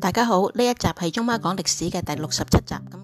大家好，呢一集係中媽講歷史嘅第六十七集。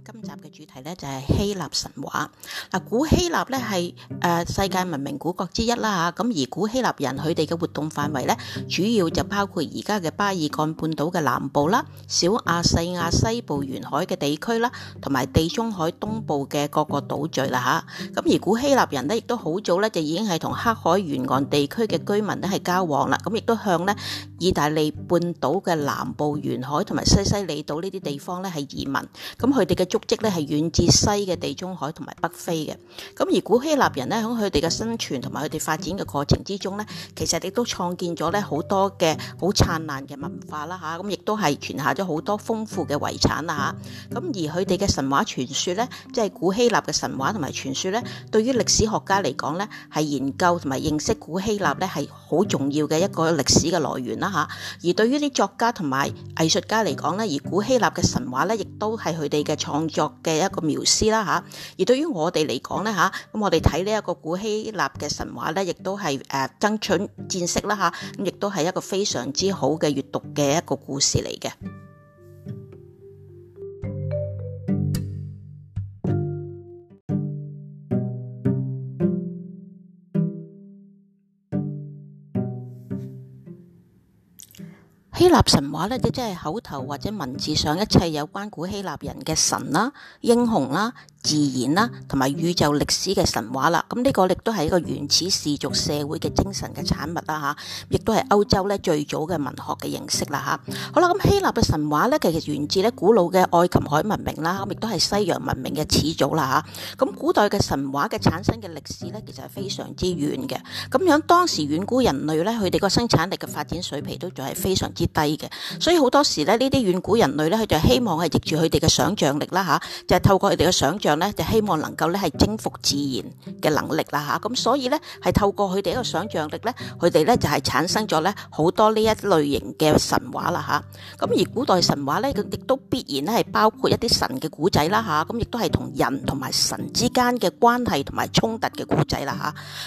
題咧就係希臘神話。嗱，古希臘呢，係誒世界文明古國之一啦嚇。咁而古希臘人佢哋嘅活動範圍呢，主要就包括而家嘅巴爾幹半島嘅南部啦、小亞細亞西部沿海嘅地區啦，同埋地中海東部嘅各個島嶼啦嚇。咁而古希臘人呢，亦都好早呢，就已經係同黑海沿岸地區嘅居民咧係交往啦。咁亦都向呢意大利半島嘅南部沿海同埋西西里島呢啲地方呢，係移民。咁佢哋嘅足跡呢，係越遠至西嘅地中海同埋北非嘅。咁而古希臘人呢，響佢哋嘅生存同埋佢哋發展嘅過程之中呢，其實亦都創建咗呢好多嘅好燦爛嘅文化啦吓，咁亦都係傳下咗好多豐富嘅遺產啦吓，咁而佢哋嘅神話傳說呢，即係古希臘嘅神話同埋傳說呢，對於歷史學家嚟講呢，係研究同埋認識古希臘呢係好重要嘅一個歷史嘅來源啦吓，而對於啲作家同埋藝術家嚟講呢，而古希臘嘅神話呢，亦都係佢哋嘅創作嘅一個繆斯啦吓，而對於我哋嚟講咧吓，咁我哋睇呢一個古希臘嘅神話咧，亦都係誒、呃，爭取戰色啦吓，咁、啊、亦都係一個非常之好嘅閱讀嘅一個故事嚟嘅。希臘神話咧，即係口頭或者文字上一切有關古希臘人嘅神啦、英雄啦、自然啦，同埋宇宙歷史嘅神話啦。咁呢個亦都係一個原始氏族社會嘅精神嘅產物啦，吓，亦都係歐洲咧最早嘅文學嘅形式啦，吓，好啦，咁希臘嘅神話咧，其實源自咧古老嘅愛琴海文明啦，亦都係西洋文明嘅始祖啦，吓，咁古代嘅神話嘅產生嘅歷史咧，其實係非常之遠嘅。咁樣當時遠古人類咧，佢哋個生產力嘅發展水平都仲係非常之低嘅，所以好多時咧，呢啲遠古人類咧，佢就希望係藉住佢哋嘅想象力啦，吓，就係透過佢哋嘅想象咧，就希望能夠咧係征服自然嘅能力啦，吓咁所以咧係透過佢哋一個想象力咧，佢哋咧就係產生咗咧好多呢一類型嘅神話啦，吓咁而古代神話咧，佢亦都必然咧係包括一啲神嘅古仔啦，吓咁亦都係同人同埋神之間嘅關係同埋衝突嘅古仔啦，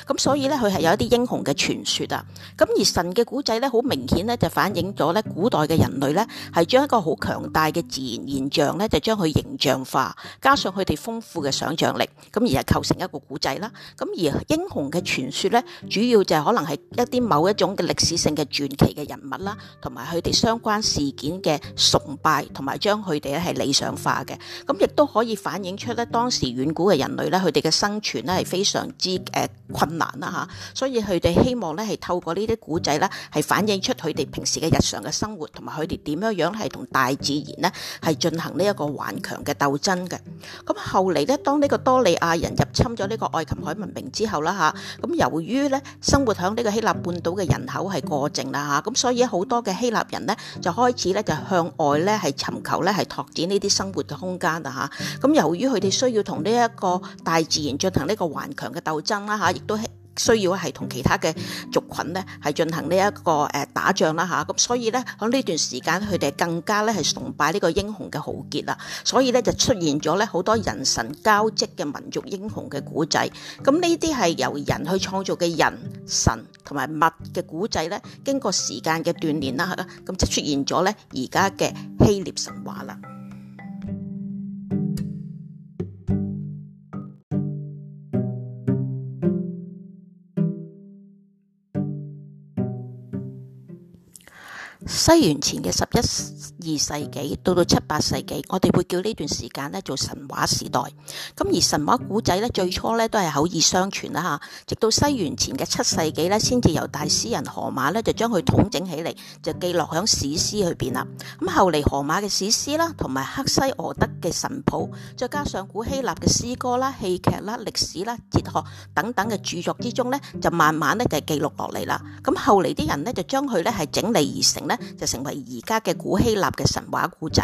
吓咁所以咧佢係有一啲英雄嘅傳說啊，咁而神嘅古仔咧，好明顯咧就反映咗。古代嘅人類呢，係將一個好強大嘅自然現象呢，就將佢形象化，加上佢哋豐富嘅想像力，咁而係構成一個古仔啦。咁而英雄嘅傳說呢，主要就係可能係一啲某一種嘅歷史性嘅傳奇嘅人物啦，同埋佢哋相關事件嘅崇拜，同埋將佢哋呢係理想化嘅。咁亦都可以反映出呢，當時遠古嘅人類呢，佢哋嘅生存呢係非常之誒困難啦吓。所以佢哋希望呢，係透過呢啲古仔呢，係反映出佢哋平時嘅日常嘅生活，同埋佢哋點樣樣係同大自然咧，係進行呢一個頑強嘅鬥爭嘅。咁後嚟咧，當呢個多利亞人入侵咗呢個愛琴海文明之後啦嚇，咁由於咧生活喺呢個希臘半島嘅人口係過剩啦嚇，咁所以好多嘅希臘人咧就開始咧就向外咧係尋求咧係拓展呢啲生活嘅空間啊嚇。咁由於佢哋需要同呢一個大自然進行呢個頑強嘅鬥爭啦嚇，亦都需要係同其他嘅族群咧，係進行呢一個誒打仗啦嚇，咁所以咧喺呢段時間佢哋更加咧係崇拜呢個英雄嘅豪傑啦，所以咧就出現咗咧好多人神交織嘅民族英雄嘅古仔。咁呢啲係由人去創造嘅人神同埋物嘅古仔咧，經過時間嘅鍛鍊啦，咁即出現咗咧而家嘅希臘神話啦。西元前嘅十一二世紀到到七八世紀，我哋會叫呢段時間咧做神話時代。咁而神話古仔呢，最初咧都係口耳相傳啦嚇，直到西元前嘅七世紀呢，先至由大詩人荷馬呢，就將佢統整起嚟，就記錄響史詩去邊啦。咁後嚟荷馬嘅史詩啦，同埋赫西俄德嘅神譜，再加上古希臘嘅詩歌啦、戲劇啦、歷史啦、哲學等等嘅著作之中呢，就慢慢咧就記錄落嚟啦。咁後嚟啲人呢，就將佢呢，係整理而成咧。就成為而家嘅古希臘嘅神話古仔，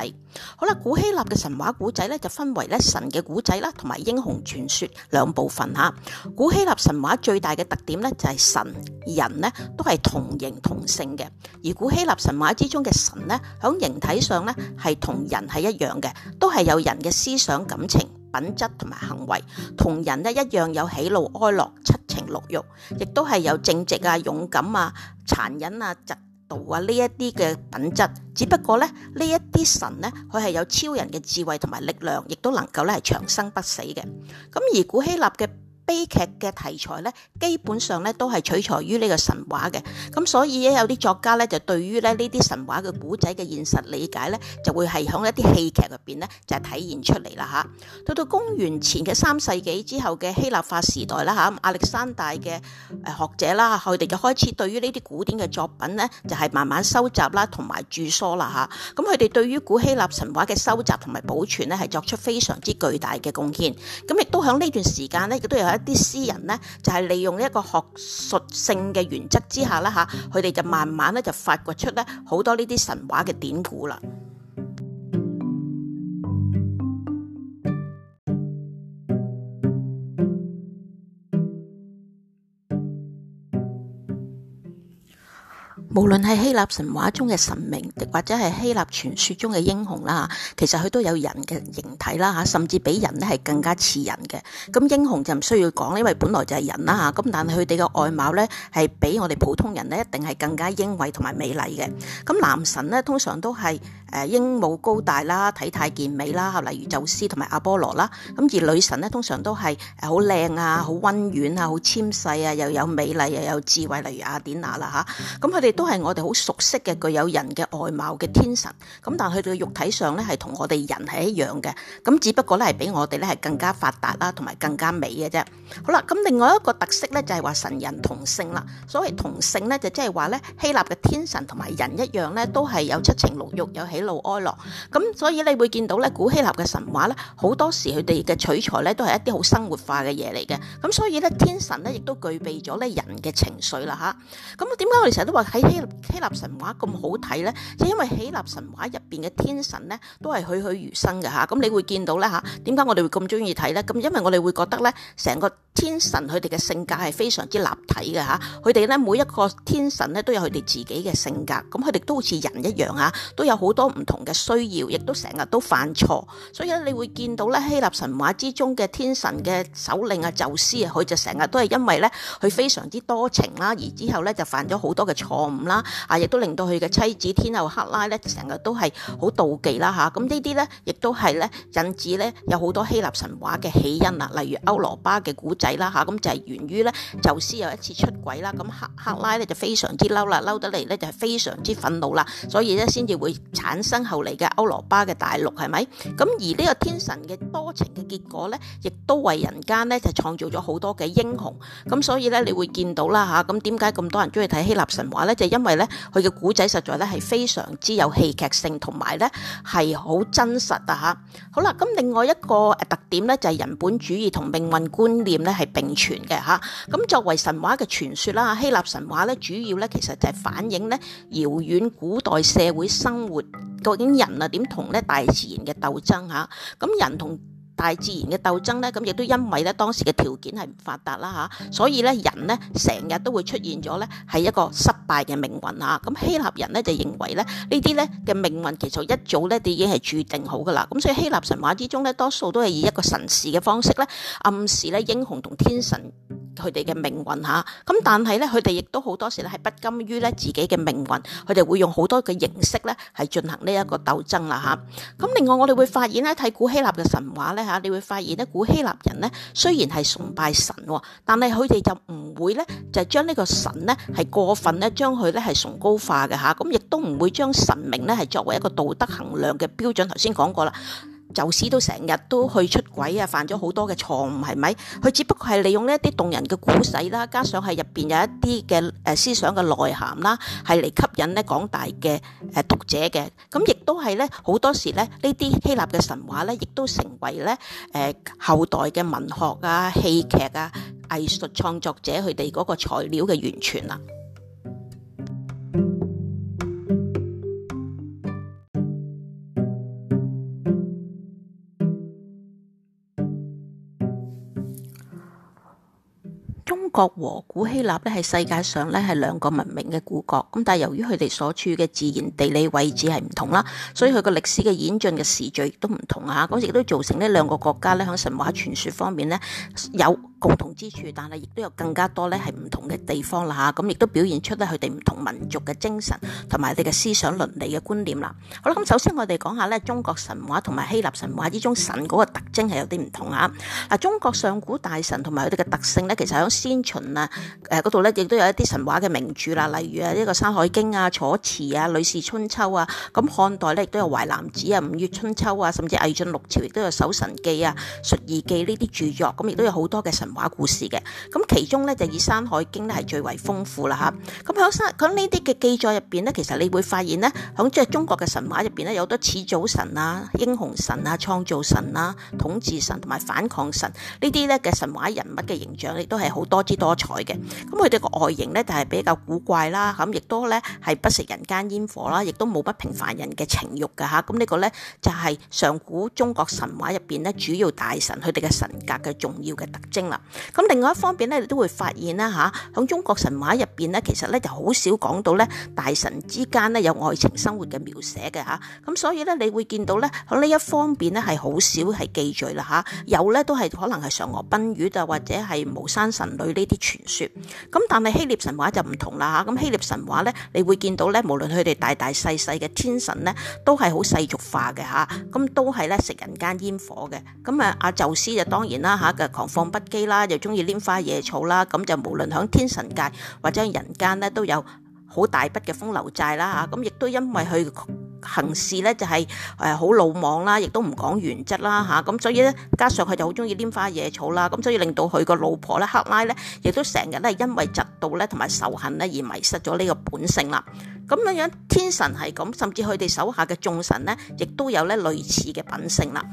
好啦，古希臘嘅神話古仔咧就分為咧神嘅古仔啦，同埋英雄傳說兩部分吓。古希臘神話最大嘅特點咧就係神人咧都係同形同性嘅，而古希臘神話之中嘅神咧響形體上咧係同人係一樣嘅，都係有人嘅思想、感情、品質同埋行為，同人咧一樣有喜怒哀樂、七情六欲，亦都係有正直啊、勇敢啊、殘忍啊、道啊，呢一啲嘅品質，只不過咧，呢一啲神咧，佢係有超人嘅智慧同埋力量，亦都能夠咧係長生不死嘅。咁而古希臘嘅悲劇嘅題材咧，基本上咧都係取材於呢個神話嘅，咁所以咧有啲作家咧就對於咧呢啲神話嘅古仔嘅現實理解咧，就會係響一啲戲劇入邊咧就係體現出嚟啦，吓。到到公元前嘅三世紀之後嘅希臘化時代啦，吓，亞歷山大嘅學者啦，佢哋就開始對於呢啲古典嘅作品咧，就係慢慢收集啦同埋註疏啦，吓。咁佢哋對於古希臘神話嘅收集同埋保存咧，係作出非常之巨大嘅貢獻。咁亦都響呢段時間咧，亦都有。一啲私人咧，就係利用一個學術性嘅原則之下啦，嚇，佢哋就慢慢咧就發掘出咧好多呢啲神話嘅典故啦。無論係希臘神話中嘅神明，或者係希臘傳說中嘅英雄啦，其實佢都有人嘅形體啦，吓甚至比人咧係更加似人嘅。咁英雄就唔需要講，因為本來就係人啦，吓。咁但係佢哋嘅外貌咧係比我哋普通人咧一定係更加英偉同埋美麗嘅。咁男神咧通常都係。誒英武高大啦，體態健美啦，例如宙斯同埋阿波羅啦。咁而女神咧，通常都係誒好靚啊，好溫軟啊，好纖細啊，又有美麗又有智慧，例如阿典娜啦。咁佢哋都係我哋好熟悉嘅，具有人嘅外貌嘅天神。咁但係佢哋嘅肉體上咧，係同我哋人係一樣嘅。咁只不過咧，係比我哋咧係更加發達啦，同埋更加美嘅啫。好啦，咁另外一個特色咧就係話神人同性啦。所謂同性咧，就即係話咧希臘嘅天神同埋人一樣咧，都係有七情六欲，有喜。一路哀樂，咁所以你會見到咧，古希臘嘅神話咧，好多時佢哋嘅取材咧都係一啲好生活化嘅嘢嚟嘅。咁所以咧天神咧亦都具備咗咧人嘅情緒啦吓，咁啊點解我哋成日都話喺希希臘神話咁好睇咧？就因為希臘神話入邊嘅天神咧都係栩栩如生嘅吓，咁你會見到咧吓，點解我哋會咁中意睇咧？咁因為我哋會覺得咧成個。天神佢哋嘅性格係非常之立體嘅吓，佢哋咧每一個天神咧都有佢哋自己嘅性格，咁佢哋都好似人一樣吓，都有好多唔同嘅需要，亦都成日都犯錯，所以咧你會見到咧希臘神話之中嘅天神嘅首領啊宙斯啊，佢就成日都係因為咧佢非常之多情啦，而之後咧就犯咗好多嘅錯誤啦，啊，亦都令到佢嘅妻子天后赫拉咧成日都係好妒忌啦吓，咁呢啲咧亦都係咧引致咧有好多希臘神話嘅起因啦，例如歐羅巴嘅古啦嚇，咁、啊嗯、就係、是、源於咧宙斯有一次出軌啦，咁克赫拉咧就非常之嬲啦，嬲得嚟咧就係非常之憤怒啦，所以咧先至會產生後嚟嘅歐羅巴嘅大陸係咪？咁、啊、而呢個天神嘅多情嘅結果咧，亦都為人間咧就創造咗好多嘅英雄。咁、啊、所以咧，你會見到啦吓，咁點解咁多人中意睇希臘神話咧？就係、因為咧佢嘅古仔實在咧係非常之有戲劇性，同埋咧係好真實啊嚇。好啦，咁、啊、另外一個誒、啊、特點咧就係、是、人本主義同命運觀念咧。係並存嘅，吓，咁作為神話嘅傳說啦，希臘神話咧，主要咧其實就係反映咧遙遠古代社會生活，究竟人啊點同咧大自然嘅鬥爭吓，咁人同。大自然嘅鬥爭呢，咁亦都因為呢當時嘅條件係唔發達啦。所以呢，人呢成日都會出現咗呢係一個失敗嘅命運嚇。咁希臘人呢就認為呢呢啲呢嘅命運其實一早呢就已經係注定好噶啦。咁所以希臘神話之中呢，多數都係以一個神示嘅方式呢暗示呢英雄同天神佢哋嘅命運嚇，咁但係咧，佢哋亦都好多時咧係不甘於咧自己嘅命運，佢哋會用好多嘅形式咧係進行呢一個鬥爭啦嚇。咁另外我哋會發現咧，睇古希臘嘅神話咧嚇，你會發現咧古希臘人咧雖然係崇拜神，但係佢哋就唔會咧就將呢個神咧係過分咧將佢咧係崇高化嘅嚇，咁亦都唔會將神明咧係作為一個道德衡量嘅標準。頭先講過啦。宙斯都成日都去出軌啊，犯咗好多嘅錯誤，係咪？佢只不過係利用呢一啲動人嘅古仔啦，加上係入邊有一啲嘅誒思想嘅內涵啦，係嚟吸引咧廣大嘅誒讀者嘅。咁亦都係咧好多時咧呢啲希臘嘅神話咧，亦都成為咧誒後代嘅文學啊、戲劇啊、藝術創作者佢哋嗰個材料嘅源泉啦。和古希臘咧係世界上咧係兩個文明嘅古國，咁但係由於佢哋所處嘅自然地理位置係唔同啦，所以佢個歷史嘅演進嘅時序亦都唔同啊！嗰時亦都造成呢兩個國家咧喺神話傳說方面咧有共同之處，但係亦都有更加多咧係唔同嘅地方啦吓，咁亦都表現出咧佢哋唔同民族嘅精神同埋佢哋嘅思想倫理嘅觀點啦。好啦，咁首先我哋講下咧中國神話同埋希臘神話之中神嗰個特徵係有啲唔同啊！嗱，中國上古大神同埋佢哋嘅特性咧，其實喺先。秦啊，誒嗰度咧亦都有一啲神話嘅名著啦，例如啊呢個《山海經》啊、《楚辭》啊、《呂氏春秋》啊，咁漢代咧亦都有《淮南子》啊、《五月春秋》啊，甚至魏晉六朝亦都有《搜神記》啊、《述異記》呢啲著作，咁亦都有好多嘅神話故事嘅。咁其中咧就以《山海經》咧係最為豐富啦嚇。咁響山，響呢啲嘅記載入邊咧，其實你會發現咧，響即係中國嘅神話入邊咧，有好多始祖神啊、英雄神啊、創造神啊、統治神同埋反抗神呢啲咧嘅神話人物嘅形象，亦都係好多。多彩嘅，咁佢哋個外形咧就係比較古怪啦，咁亦都咧係不食人間煙火啦，亦都冇不平凡人嘅情欲噶吓，咁呢個咧就係上古中國神話入邊咧主要大神佢哋嘅神格嘅重要嘅特徵啦。咁另外一方面咧，你都會發現啦吓，響中國神話入邊咧，其實咧就好少講到咧大神之間咧有愛情生活嘅描寫嘅吓，咁所以咧你會見到咧響呢一方面咧係好少係記敘啦吓，有咧都係可能係嫦娥奔月就或者係巫山神女呢。啲傳說，咁但係希臘神話就唔同啦吓，咁希臘神話咧，你會見到咧，無論佢哋大大細細嘅天神咧，都係好世俗化嘅吓，咁都係咧食人間煙火嘅，咁啊阿宙斯就當然啦吓，嘅狂放不羈啦，又中意拈花惹草啦，咁就無論響天神界或者人間咧，都有好大筆嘅風流債啦吓，咁亦都因為佢。行事咧就係好魯莽啦，亦都唔講原則啦，咁所以咧加上佢就好中意拈花惹草啦，咁所以令到佢個老婆咧赫拉咧，亦都成日咧因為嫉妒咧同埋仇恨咧而迷失咗呢個本性啦。咁樣樣天神係咁，甚至佢哋手下嘅眾神咧，亦都有咧類似嘅品性啦。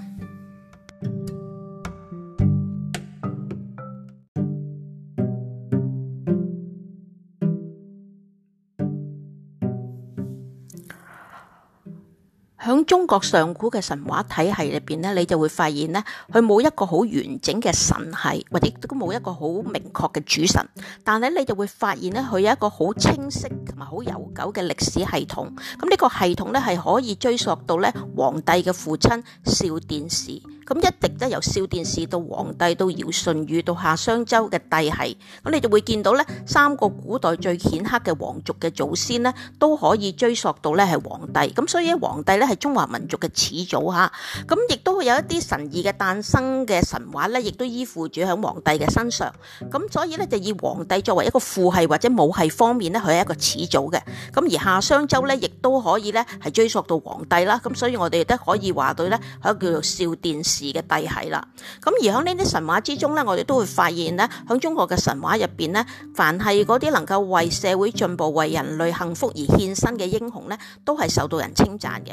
中國上古嘅神話體系裏邊咧，你就會發現咧，佢冇一個好完整嘅神系，或者都冇一個好明確嘅主神。但係你就會發現咧，佢有一個好清晰同埋好悠久嘅歷史系統。咁、這、呢個系統咧，係可以追溯到咧黃帝嘅父親少典氏。咁一直都由少典氏到黃帝，到堯舜禹，到夏商周嘅帝系。咁你就會見到咧，三個古代最顯赫嘅皇族嘅祖先咧，都可以追溯到咧係黃帝。咁所以黃帝咧係中華民族嘅始祖吓，咁亦都會有一啲神異嘅誕生嘅神話咧，亦都依附住響皇帝嘅身上。咁所以咧，就以皇帝作為一個父系或者母系方面咧，佢係一個始祖嘅。咁而夏商周咧，亦都可以咧係追溯到皇帝啦。咁所以我哋亦都可以話到咧，係一個叫做少殿氏嘅帝系啦。咁而響呢啲神話之中咧，我哋都會發現咧，響中國嘅神話入邊咧，凡係嗰啲能夠為社會進步、為人類幸福而獻身嘅英雄咧，都係受到人稱讚嘅。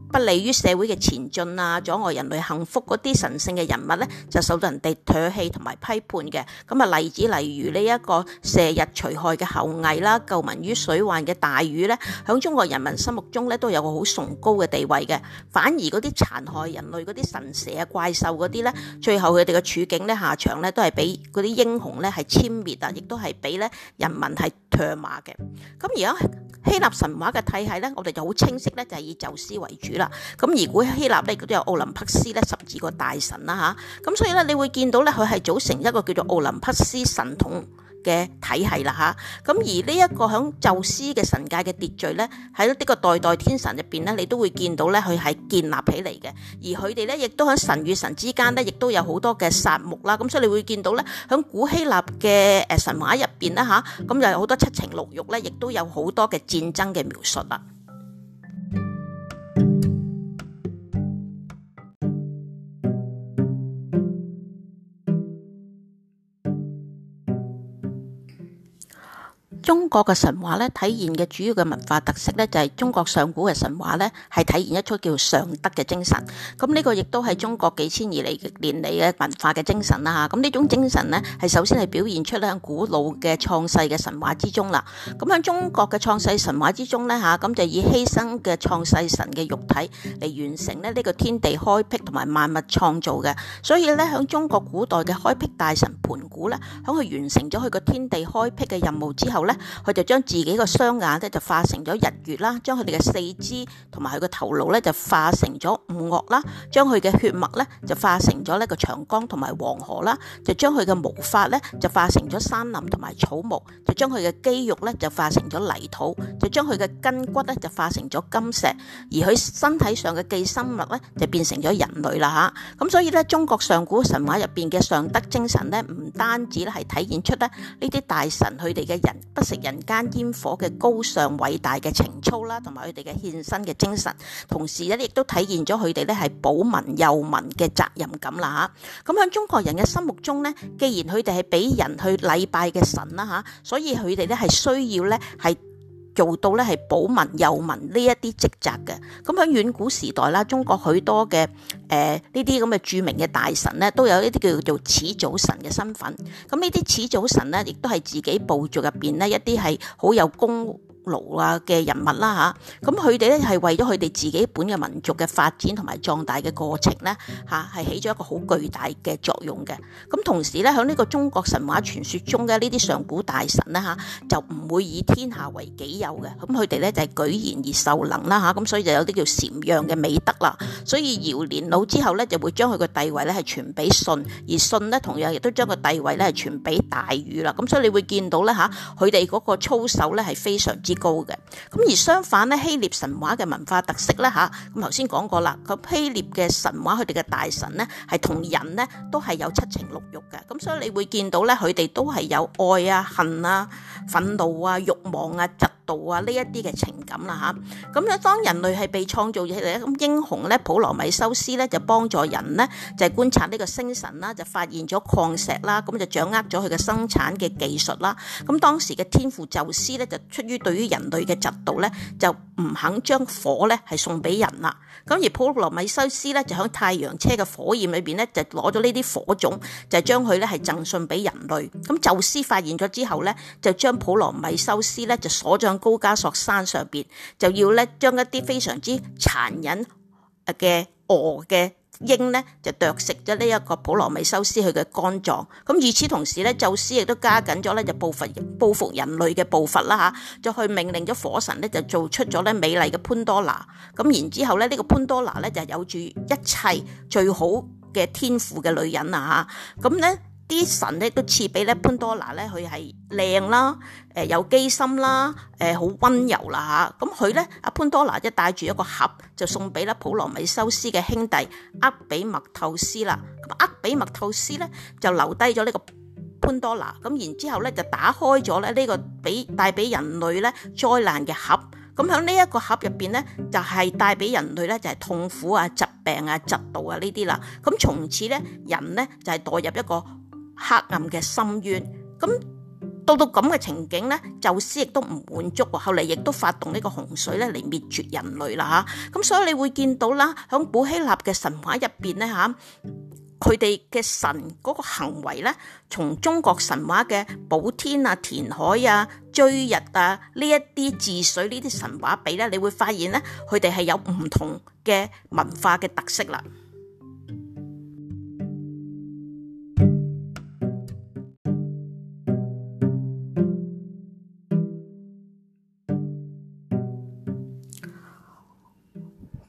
不利於社會嘅前進啊，阻礙人類幸福嗰啲神性嘅人物呢，就受到人哋唾棄同埋批判嘅。咁啊，例子例如呢一個射日除害嘅後羿啦，救民於水患嘅大禹呢，喺中國人民心目中呢，都有個好崇高嘅地位嘅。反而嗰啲殘害人類嗰啲神蛇啊、怪獸嗰啲呢，最後佢哋嘅處境呢，下場呢都係俾嗰啲英雄呢係殲滅啊，亦都係俾呢人民係唾罵嘅。咁而家希臘神話嘅體系呢，我哋就好清晰呢，就係以宙斯為主。咁而古希臘咧，亦都有奧林匹斯咧十二個大神啦嚇，咁所以咧，你會見到咧，佢係組成一個叫做奧林匹斯神統嘅體系啦嚇。咁而呢一個喺宙斯嘅神界嘅秩序咧，喺呢個代代天神入邊咧，你都會見到咧，佢係建立起嚟嘅。而佢哋咧，亦都喺神與神之間咧，亦都有好多嘅殺戮啦。咁所以你會見到咧，喺古希臘嘅誒神話入邊咧嚇，咁又有好多七情六欲咧，亦都有好多嘅戰爭嘅描述啦。中國嘅神話咧，體現嘅主要嘅文化特色咧，就係中國上古嘅神話咧，係體現一出叫尚德嘅精神。咁、這、呢個亦都係中國幾千年嚟嘅年嚟嘅文化嘅精神啦。嚇，咁呢種精神咧，係首先係表現出咧喺古老嘅創世嘅神話之中啦。咁喺中國嘅創世神話之中咧，嚇，咁就以犧牲嘅創世神嘅肉體嚟完成咧呢個天地開辟同埋萬物創造嘅。所以咧，喺中國古代嘅開辟大神盤古咧，喺佢完成咗佢個天地開辟嘅任務之後咧。佢就將自己個雙眼咧就化成咗日月啦，將佢哋嘅四肢同埋佢個頭腦咧就化成咗五岳啦，將佢嘅血脈咧就化成咗呢個長江同埋黃河啦，就將佢嘅毛髮咧就化成咗山林同埋草木，就將佢嘅肌肉咧就化成咗泥土，就將佢嘅筋骨咧就化成咗金石，而佢身體上嘅寄生物咧就變成咗人類啦吓。咁所以咧，中國上古神話入邊嘅尚德精神咧，唔單止咧係體現出咧呢啲大神佢哋嘅人，食人間煙火嘅高尚偉大嘅情操啦，同埋佢哋嘅獻身嘅精神，同時咧亦都體現咗佢哋咧係保民佑民嘅責任感啦吓。咁喺中國人嘅心目中咧，既然佢哋係俾人去禮拜嘅神啦吓，所以佢哋咧係需要咧係。做到咧係保民佑民呢一啲職責嘅，咁喺遠古時代啦，中國許多嘅誒呢啲咁嘅著名嘅大臣咧，都有一啲叫做始祖神嘅身份。咁呢啲始祖神咧，亦都係自己部族入邊咧一啲係好有功勞啊嘅人物啦吓，咁佢哋咧係為咗佢哋自己本嘅民族嘅發展同埋壯大嘅過程咧吓，係起咗一個好巨大嘅作用嘅。咁同時咧響呢個中國神話傳說中嘅呢啲上古大神咧吓，就唔會以天下為己有嘅。咁佢哋咧就係舉賢而受能啦吓，咁所以就有啲叫禪讓嘅美德啦。所以堯年老之後咧就會將佢個帝位咧係傳俾舜，而舜咧同樣亦都將個帝位咧係傳俾大禹啦。咁所以你會見到咧吓，佢哋嗰個操守咧係非常之。高嘅，咁而相反咧，希臘神話嘅文化特色咧吓，咁頭先講過啦，咁，希臘嘅神話佢哋嘅大神咧，係同人咧都係有七情六欲嘅，咁所以你會見到咧，佢哋都係有愛啊、恨啊、憤怒啊、欲望啊、啊呢一啲嘅情感啦吓，咁咧當人類係被創造起嚟咧，咁英雄咧普羅米修斯咧就幫助人呢，就係觀察呢個星辰啦，就發現咗礦石啦，咁就掌握咗佢嘅生產嘅技術啦。咁當時嘅天父宙斯咧就出於對於人類嘅嫉妒咧，就唔肯將火咧係送俾人啦。咁而普羅米修斯咧就喺太陽車嘅火焰裏邊咧就攞咗呢啲火種，就將佢咧係贈送俾人類。咁宙斯發現咗之後咧，就將普羅米修斯咧就鎖上。高加索山上邊就要咧，將一啲非常之殘忍嘅餓嘅鷹咧，就啄食咗呢一個普羅米修斯佢嘅肝臟。咁與此同時咧，宙斯亦都加緊咗咧，就報復報復人類嘅步伐啦吓，就去命令咗火神咧，就做出咗咧美麗嘅潘多拉。咁然之後咧，呢、這個潘多拉咧就有住一切最好嘅天賦嘅女人啦吓。咁咧。啲神咧都賜俾咧潘多娜咧，佢係靚啦，誒有機心啦，誒好溫柔啦嚇。咁佢咧阿潘多娜就帶住一個盒，就送俾咧普羅米修斯嘅兄弟厄比墨透斯啦。咁厄比墨透斯咧就留低咗呢個潘多娜。咁然之後咧就打開咗咧呢個俾帶俾人類咧災難嘅盒。咁喺呢一個盒入邊咧就係、是、帶俾人類咧就係痛苦啊、疾病啊、嫉妒啊呢啲啦。咁從此咧人咧就係、是、代入一個黑暗嘅深淵，咁到到咁嘅情景咧，宙斯亦都唔滿足，後嚟亦都發動呢個洪水咧嚟滅絕人類啦吓，咁所以你會見到啦，響古希臘嘅神話入邊咧吓，佢哋嘅神嗰個行為咧，從中國神話嘅補天啊、填海啊、追日啊呢一啲治水呢啲神話比咧，你會發現咧，佢哋係有唔同嘅文化嘅特色啦。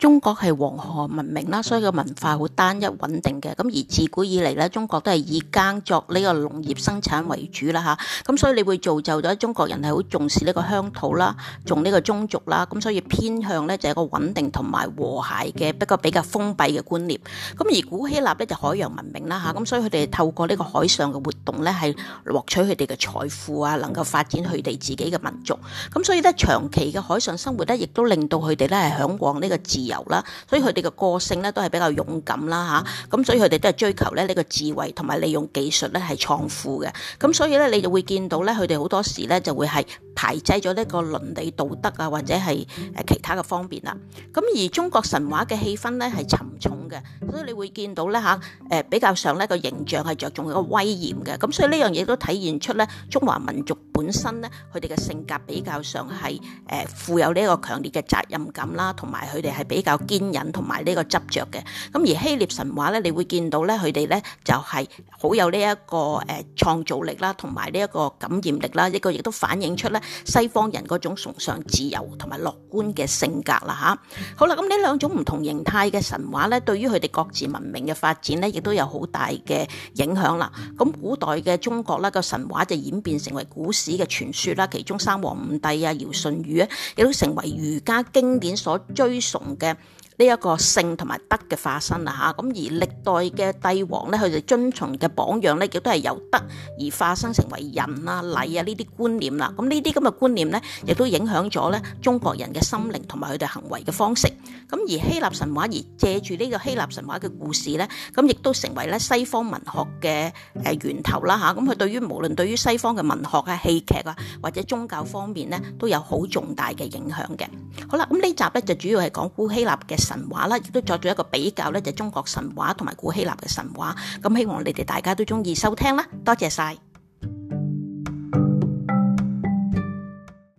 中國係黃河文明啦，所以個文化好單一穩定嘅。咁而自古以嚟咧，中國都係以耕作呢個農業生產為主啦嚇。咁所以你會造就咗中國人係好重視呢個鄉土啦，重呢個宗族啦。咁所以偏向咧就係一個穩定同埋和諧嘅，不過比較封閉嘅觀念。咁而古希臘咧就海洋文明啦嚇。咁所以佢哋透過呢個海上嘅活動咧，係獲取佢哋嘅財富啊，能夠發展佢哋自己嘅民族。咁所以咧長期嘅海上生活咧，亦都令到佢哋咧係向往呢個自由。游啦，所以佢哋嘅個性咧都係比較勇敢啦吓，咁所以佢哋都係追求咧呢個智慧同埋利用技術咧係創富嘅，咁所以咧你就會見到咧佢哋好多時咧就會係排擠咗呢個倫理道德啊或者係誒其他嘅方面啦，咁而中國神話嘅氣氛咧係沉重嘅，所以你會見到咧吓誒比較上咧個形象係着重一個威嚴嘅，咁所以呢樣嘢都體現出咧中華民族，本身咧，佢哋嘅性格比較上係誒、呃、富有呢一個強烈嘅責任感啦，同埋佢哋係比較堅忍同埋呢個執着嘅。咁而希臘神話咧，你會見到咧，佢哋咧就係好有呢一個誒創造力啦，同埋呢一個感染力啦。呢個亦都反映出咧西方人嗰種崇尚自由同埋樂觀嘅性格啦吓，好啦，咁呢兩種唔同形態嘅神話咧，對於佢哋各自文明嘅發展咧，亦都有好大嘅影響啦。咁古代嘅中國啦，個神話就演變成為古史嘅傳說啦，其中三皇五帝啊、堯舜禹啊，亦都成為儒家經典所追崇嘅。呢一個性同埋德嘅化身啦嚇，咁而歷代嘅帝王咧，佢哋遵從嘅榜樣咧，亦都係由德而化身成為仁啊、禮啊呢啲觀念啦。咁呢啲咁嘅觀念咧，亦都影響咗咧中國人嘅心靈同埋佢哋行為嘅方式。咁而希臘神話，而借住呢個希臘神話嘅故事咧，咁亦都成為咧西方文學嘅誒源頭啦嚇。咁佢對於，無論對於西方嘅文學啊、戲劇啊或者宗教方面咧，都有好重大嘅影響嘅。好啦，咁呢集咧就主要係講古希臘嘅。神話啦，亦都作咗一個比較咧，就中國神話同埋古希臘嘅神話。咁希望你哋大家都中意收聽啦，多謝晒。